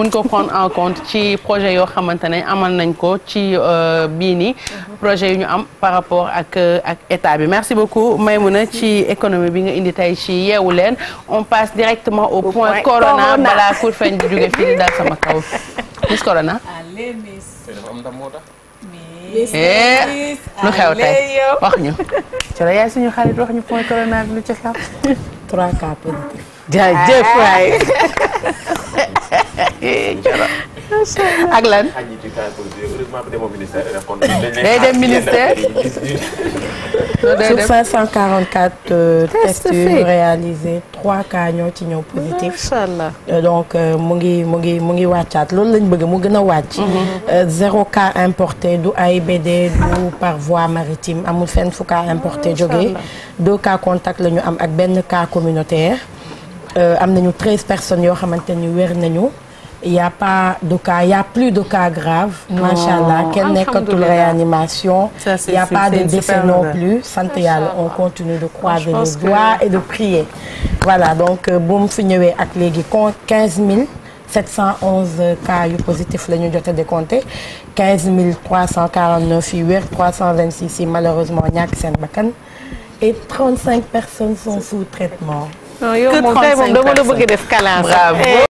mën ko prendre en compte ci projet yoo xamante ne amal nañ ko ci euh, bii nii mhm. projet yu ñu am par rapport ak euh, ak état bi may mu Maïmouna ci économie bi nga indi tey ci yeewu leen on passe directement au point corona balaa kur feeñ di jóge fii di daal sama kaw Miss Corona eh, lu xew tey wax ñu coro yaay suñu xarit wax ñu point corona bi lu ci xew trois cas positifs jaajëf waay ak lan. day dem ministère. sur 544 euh, tests réalisés 3 cas ñoo ci ñëw positif. Euh, donc euh, mu ngi mu ngi mu ngi wàccaat loolu lañ bëgg mu gën a wàcc. Mm-hmm. zéro cas importé du AIBD du par voie maritime amul fen fu cas importé jógee. deux cas contact la ñu am ak benn cas communautaire. am nañu 13 personnes yoo xamante ni wér nañu. y a pas de cas y a plus de cas graves. Oh, macha allah kenn nekkatul réanimation. ça c'est, y a pas de décès non plus. sant yàlla on continue de croiser les doigts et de prier. voilà donc euh, bu mu fi ñëwee ak léegi con 15000. 711 cas yu positif la ñu jot a décompté 15 349 yi wér 326 yi malheureusement ñàkk seen bakkan et 35 personnes sont sous traitement. que 35 personnes non yow moom tey moom dama